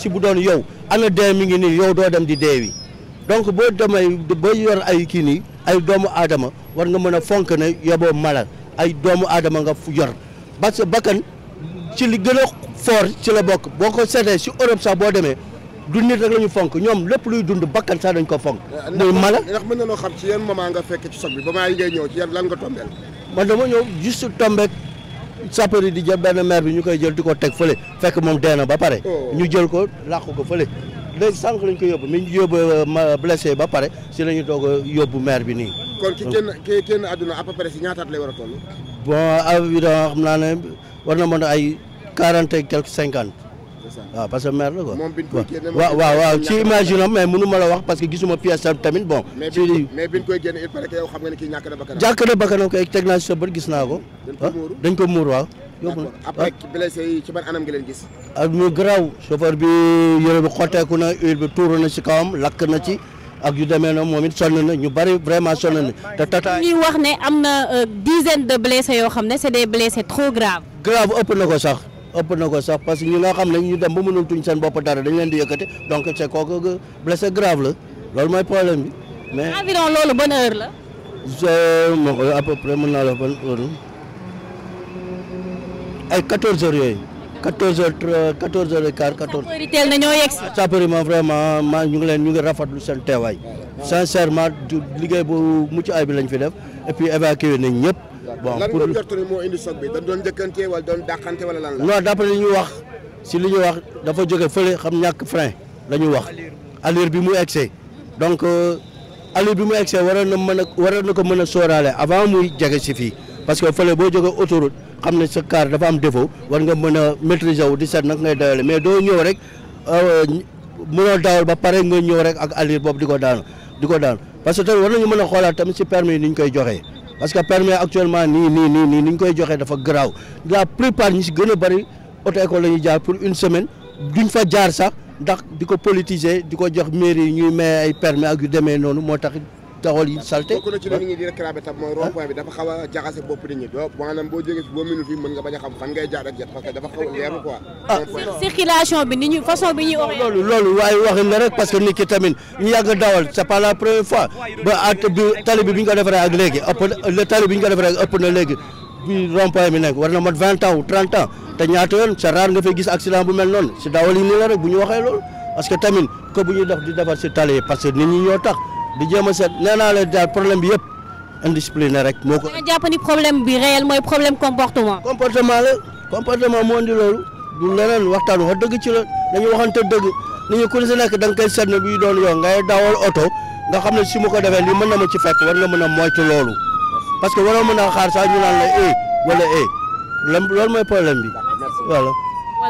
si bu doon yow ana dee mi ngi nii yow doo dem di deewi donc boo demee ba yor ay kii nii ay doomu aadama war nga mën a fonk ne yoboo mala ay doomu aadama nga yor parce que bakkan ci li gën a fort ci la bokk boo ko seetee si Europe sax boo demee du nit rek la fonk ñoom lépp luy dund bakkan sax dañ ko fonk. muy mala ndax mën na loo xam ci yan moment nga fekk ci soog bi ba maa yi ngay ñëw ci yan lan nga tombeel man dama ñëw juste tombé. sapeur yi di jël benn maire bi ñu koy jël di ko teg fële fekk moom dee na ba pare. Oh. ñu jël ko làq ko fële. de sànq lañ ko yóbbu mi ñu yóbbu euh, blessé ba pare si la ñu doog a yóbbu maire bi nii. kon ki kenn ki kenn àdduna à peu près si ñaataat lay war a toll. bon avion xam naa ne war na mën ay quarante et quelque cinquante. Ah, waaw parce waaw waaw waaw ci imagine mais mënu ma la wax parce que gisuma pièce tamit jàkk na bakkanam koy teg naa si sa bët gis naa ko. dañ ko ah, muur waaw. yóbbu ah. yi ci ban anam nga leen gis. ak mu garaaw chauffeur bi yére bi xotteeku na huile bi tuuru na si kawam lakk na ci. ak yu demee noonu moom it sonn ñu bari vraiment sonn na te tata. ñuy wax ne am na euh, dizaine de blessés yoo xam ne c'est des blessés trop graves. grave ëpp na ko sax. ëpp na ko sax parce que ñi nga xam ne ñu dem ba mënul tuñ seen bopp dara dañ leen di yëkkati donc c' est kooku blessé grave la loolu mooy problème bi. mais environ loolu bonne heure la. je euh, ma euh, mën naa la ban heure ay 14 heures yooyu. 14 heures 14 heures et quart vraiment maa ñu ngi leen ñu ngi rafetlu seen teewaay sincèrement du liggéey bu mucc ay bi lañ fi def et puis nañ ñëpp. bon pour lan nga moo indi bi dañ doon njëkkante wala doon dàqante wala lan la. non d'après li ñu wax si li ñu wax dafa jóge fële xam ñàkk frein la ñu wax allure bi mu egsee donc euh, allure bi mu egsee waroon na mën a waroon na ko mën a sóoraale avant muy jege si fii parce que fële boo jógee autoroute xam ne sa car dafa am défaut war nga mën a maîtriser wu di seet nag ngay dawale mais doo ñëw rek euh, mënoo dawal ba pare nga ñëw rek ak allure boobu di ko daanu di ko daanu parce que tamit war nañu mën a xoolaat tamit si permis ni ñu koy joxee. parce que permis actuellement nii nii nii nii ni ñu koy joxee dafa garaaw la plupart ñi si gën a bëri auto école la ñuy jaar pour une semaine duñ fa jaar sax ndax di ko politiser di ko jox mairie yi ñuy may ay permis ak yu demee noonu moo tax taxol yi salté bokk na ci li nit ñi a jaxase bopp nit ñi doo maanaam boo jógee fi boo nga bañ a xam fan ngay jaar a leer quoi ah circulation bi ni dawal c'est pas la fois ba at bi ñu ko defaree ak léegi ëpp ñu ko defaree ak ëpp na léegi bi rond-point bi nekk war na mat vingt ans ou trente ans te ñaata yoon c'est rare nga fay gis accident bu mel noonu yi nii la rek ko bu ñuy dox di defar si tali yi parce que nit tax di jéem a seet nee naa leen daal problème bi yëpp indiscipline rek. moo ko da nga jàpp ni problème bi réel mooy problème comportement. comportement la comportement moo indi loolu du leneen waxtaan wax dëgg ci la dañu waxante dëgg ni ñu ku si nekk da nga koy seet ne bii doon yoon ngay dawal oto nga xam ne su ma ko defee lii mën na ma ci fekk war nga mën a moytu loolu parce que waroo mën a xaar sax ñu naan la eh wala eh loolu mooy problème bi voilà.